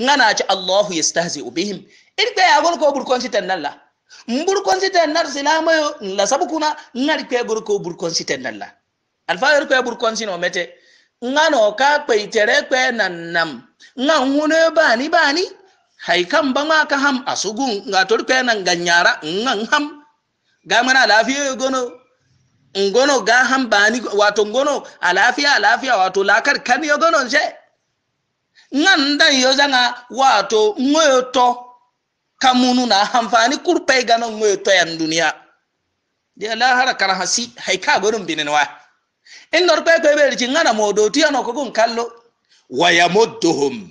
ngana ci allahu yastahzi'u bihim ya gol ko burkonsiten nan la mburkonsiten nar yo la sabu kuna ngari pe gol ko burkonsiten nan la alfa yor kwe burkonsino mete ngano ka pe tere pe nan nam ngan hune bani bani hay kan ma ka ham asugun nga tor pe nan ganyara ngan ham Ga mana lafiya gono ngono ga ham bani wato ngono alafiya alafiya wato lakar kan yo gono je nga ndan yo zanga wato ngoyo ka kamunu na hamfani kurpai gano ngoyo yan duniya dia la hara kala hasi haika gorun binin wa in nor pe pe berji ngana modo tiya no kokun kallo wa modduhum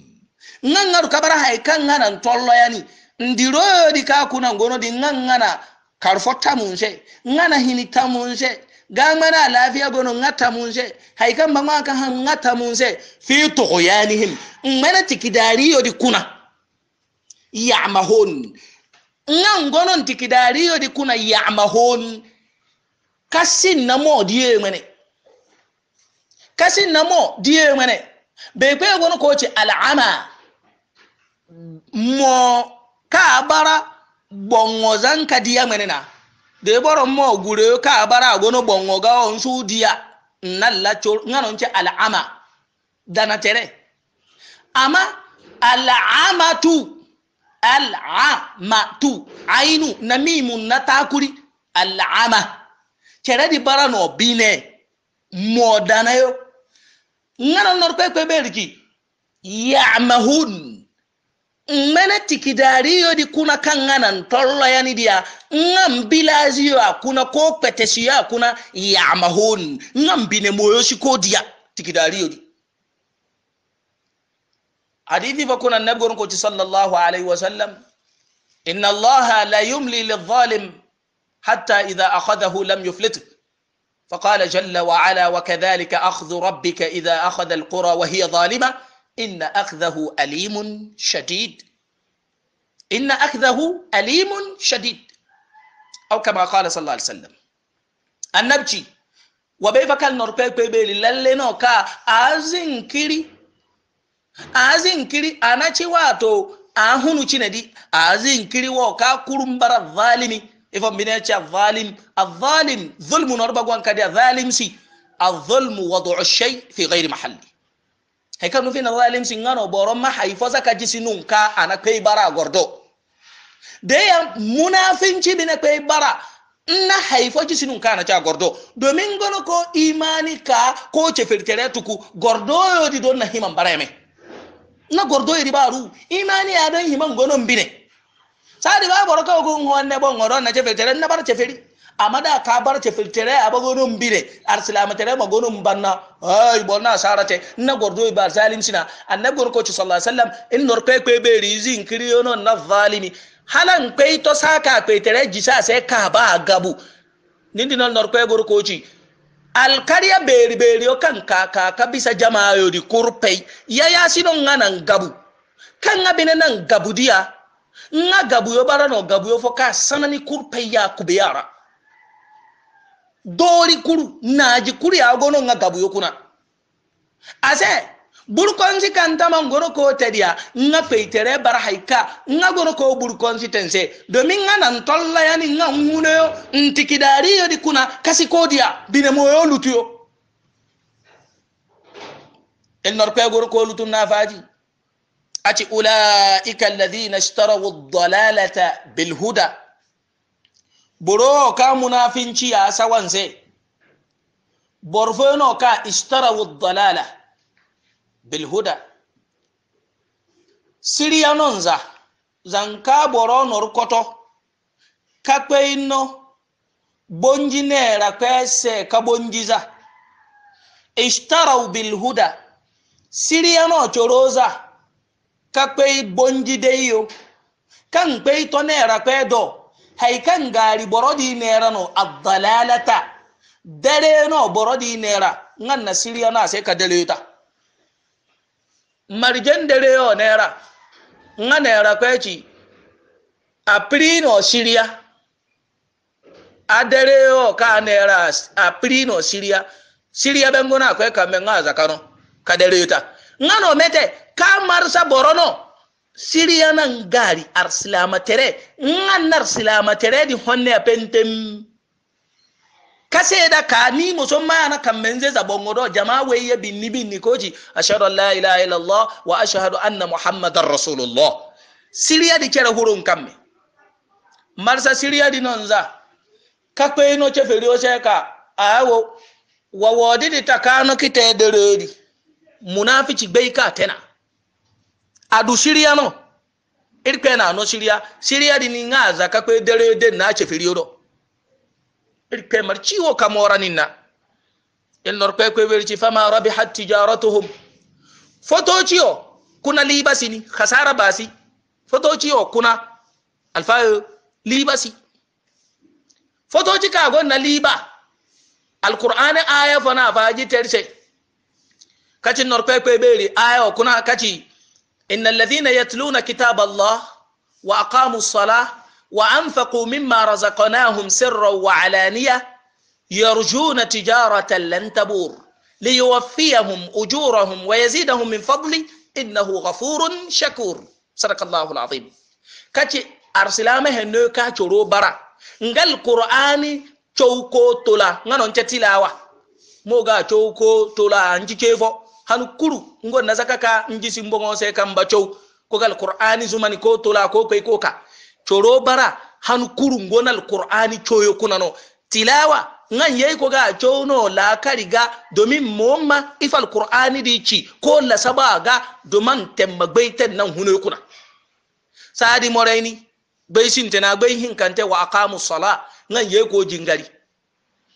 nga ngaru kabara haika ngana tollo yani ndiro di ka kuna ngono di nga ngana karfo munse ngana hini tamunse gamana lafiya gono ngata munse haikan kan bangwa kan han ngata munse fi tughyanihim mana tikidariyo di kuna ya'mahun ngan gonon tikidariyo di kuna ya'mahun kasin namo diye mene kasin namo diye mene be kwe gono ko ci al'ama mo ka bara bongo zanka diya mene na de boro mo gure ka bara gono bongo ga on su dia nalla chor ngano nche al'ama dana tere ama al'amatu tu ainu mimu na takuri al'ama tere di bara no bine mo dana yo ngano nor kwe beriki ya ya'mahun mene tikidariyo di kuna kangana ntolla yani dia nga mbilaziyo akuna ko petesiyo akuna ya mahon nga mbine moyoshi ko dia tikidariyo di hadithi bakuna nabgon ko ci sallallahu alaihi wasallam inna allah la yumli lidh-dhalim hatta idha akhadhahu lam yuflit فقال جل وعلا وكذلك أخذ ربك إذا أخذ القرى وهي ظالمة inna akhdhahu alimun shadid inna akhdhahu alimun shadid aw kama qala sallallahu alaihi wasallam annabci wa bai fakal nor pe pe beli lalle no ka azin kiri azin kiri anachi wato ahunu chinedi azin kiri wo ka kurumbara zalimi ifo mbineche adhalim adhalim dhulmu norba gwan kadi adhalim si wadu وضع الشيء في غير محله heka nu fina zalim ngano boron mahaifa zaka ji sinunka ana kai bara gordo da ya munafinci bi na kai bara na haifa ji sinunka na cha gordo domin gono ko imani ka ko cefirtere tuku gordo yo di don na himan bara me na gordo yiri baru imani ya don himan gonon mbine. sadi ba boro ka ogun wonne bon ngoro na cefirtere na bara cefiri a amada ka bar barce filtere aba gonum bire arsilamatere ma gonum banna ay sara sarate na gordo ba zalim sina annabi gorko ci sallallahu alaihi wasallam in nor kai kai be rizi kiriyo non na zalimi halan kai to saka kai tere jisa sai ka ba gabu nindi non nor kai gorko ci alkariya beri beri o kan ka ka ka bisa jama'a di kurpei ya ya sinon nganan gabu kan ngabine nan gabu dia nga gabu yo bara no gabu yo foka sanani kurpei ya kubiyara dori kuru naji kuru ya gono nga gabu yokuna ase burkonsi kantama ngoro ko tediya nga feitere bar haika nga gono ko burkonsi tense domin nga nan tolla yani nga huneyo ntikidari yo dikuna kasi kodiya bine moyo lutuyo el norkoye goro ko lutum na faji aci ulaika alladhina ishtaraw ad-dalalata bil huda boro ka munafinci ya sawanse borfono ka ishtarawu dalala bilhuda siriyanonza zanka boro norkoto kakpe inno bonji nera kwese ka bonjiza ishtarawu bilhuda siriyano choroza kakpe bonji deyo kan kpe to nera kwe haikan gari borodi nera no addalalata dare no borodi nera ngan na siriya na sai ka dare ta marjan dare yo nera nga nera kweci apri no siriya a adare yo ka nera apri no siriya siriya bengona kwe kame nga zakano ka dare ta nga no mete ka marsa borono siriyanan gari ar silamatere ngannar silamatere di honne apentem da ka ni muson mayana kammenze jama'a jama weyye binni binni koji ashhadu an la ilaha illallah wa ashhadu anna muhammadar rasulullah siriya di kera hurun kamme marsa siriya di nonza kakpeyino ceferio seka awo wawodidi takano kite dereri munafici gbey ka tena adu shirya no irpe na no shiriya shiriya di ni ngaza ka kwe dere de na che firiyodo irpe mar ciwo kamora ninna il nor kwe kwe werci fama rabihat tijaratuhum foto ciyo kuna libasi ni khasara basi foto ciyo kuna alfayo eh, libasi foto ci kago na liba alqur'ani aya fa faji terse kacin nor kwe kwe beri aya kuna kaci إن الذين يتلون كتاب الله وأقاموا الصلاة وأنفقوا مما رزقناهم سرا وعلانية يرجون تجارة لن تبور ليوفيهم أجورهم ويزيدهم من فضل إنه غفور شكور صدق الله العظيم كاتي أرسلامه نوكا تشورو برا نقال قرآني تشوكو تولا نانون تتلاوة موغا تشوكو تولا أنجي كيفو halkuru ngon na ka ngi simbongo se kamba chow ko gal qur'ani zumani ko tola ko kai ko ka coro bara ngo ngonal qur'ani choyo kunano tilawa ngan yei ko ga chono la kariga domin momma ifal qur'ani di ci ko la sabaga doman temma gbaiten nan hunu kuna sadi moraini gbaisin tana gbai hinkante wa aqamu sala ngan yei ko jingari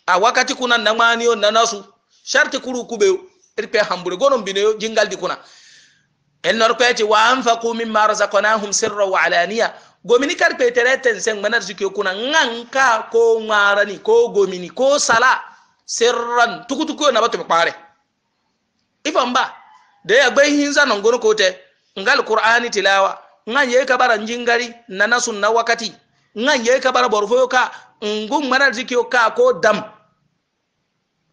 a wakati kuna namani on nanasu sharti kuru kubeu irpe hambure gonon binoyo jingaldi kuna en nor kwete wa anfaqu mimma razaqnahum sirran wa alaniya gomini kar petere sen manar zikyo kuna nganka ko ngarani ko gomini ko sala sirran tukutuku na batu pare ifan ba da ya gbai hinza nan ko kote ngal qur'ani tilawa ngan ye ka bara jingari nana sunna wakati ngan ye ka bara borfo ka ngum manar zikyo ka ko dam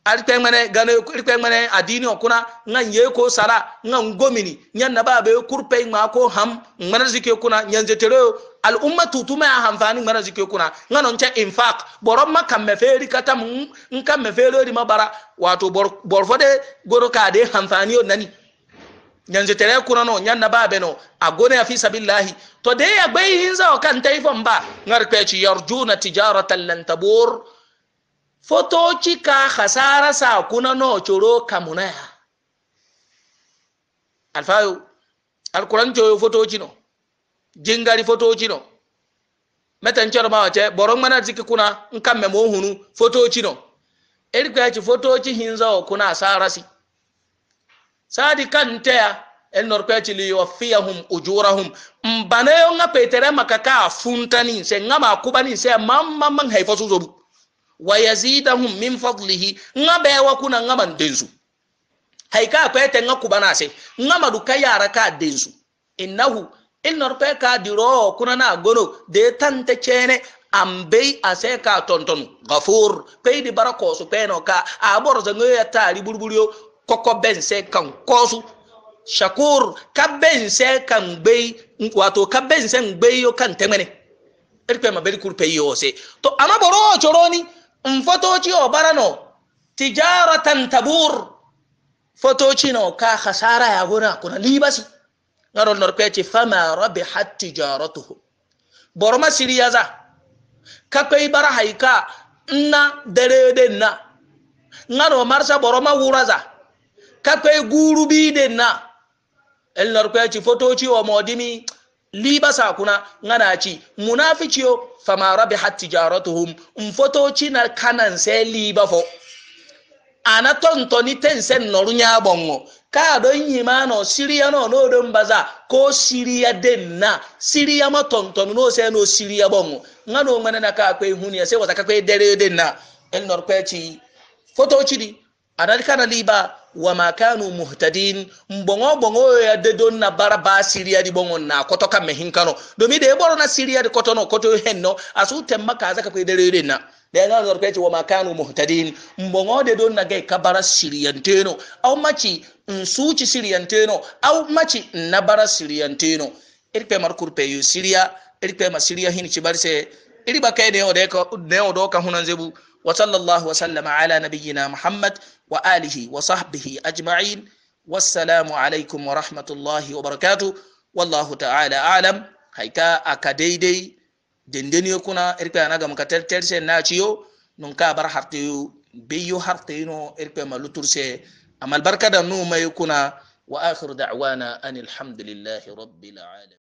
arikpe gane irikpe ŋmene adini okuna nga nye ko Sara nga ngomini nya naba be kurpe ma ko ham ŋmene zike kuna nya tero al ummatu tuma ya hamfani ŋmene zike kuna nga non infaq boro ma me feri kata nka me feri ma mabara wato bor fode goro ka de hamfani on nani nya tere kuna no nya naba be no agone ya fi to de ya gbe hinza o kan taifon ba ngar pechi yarjuna tijaratan lan tabur fotoci ka hasara sakuna no coro kamuna ya alfayo alkuran coyo fotoci no jingari fotoci no metan coro ma wace boron mana ziki kuna in kan memo hunu fotoci no eriko ya ci fotoci hinza kuna asarasi sadi kan teya en hum liyuwaffiyahum ujurahum mbanayo nga petere makaka afuntani se ngama akubani se mamma man haifo zobu wa yazidahum min fadlihi nga be wa kuna nga man denzu haika kwete nga kubana se nga ka yara ka denzu innahu innar pe ka diro kuna na gono de tante chene ambei ase ka tonton gafur pe di barako su pe no ka abor zango ya tari burburio koko ben kan kosu shakur ka ben kan gbei wato ka ben se gbei yo kan temene irpe ma beri kurpe yo se to ana boro choroni in fotoci o barano tijaratan tabur fotoci no ka khasara ya gona kuna libasi ngarol nor peci fama hat tijaratuhu boroma siriyaza kakwai bara haika na derede na ngaro marsa boroma wuraza kakwai gurubi de na el nor peci fotoci o modimi liba sakuna ngana ci munafikiyo fama rabihat tijaratuhum mfotoci na kanan sai liba fo ana tontoni tensen noru nyabongo kaado nyima no siriya no no do mbaza ko siriya denna siriya ma tonton no se no siriya bongo ngano ngana na ka kwe huniya se wata ka kwe dere denna el nor kwe ci fotoci di ana kana liba wama kanu muhtadin mbongo bongo ya dedon na bara ba siriya di bongo na koto ka mehin kano domi da yeboro na siriya di koto no koto henno asu temma ka zaka kai dare den na da yana zar kai wama kanu muhtadin mbongo de don na gai ka bara siriyanteno au maci nsuci siriyanteno au maci na bara Iri irpe mar kurpe yu siriya Iri irpe ma siriya hin ci Iri ba kai ne o de ko ne o do ka hunan zebu wa sallallahu wa sallama ala nabiyyina muhammad wa alihi wa sahbihi ajma'in wassalamu alaikum wa rahmatullahi wa barakatu wallahu ta'ala alam haika aka daidai dindini kuna irpe anaga muka terterse na ciyo nun bar hartiyu biyu hartiyino irpe maluturse amal barka da nu mai wa akhiru da'wana anil hamdulillahi rabbil alamin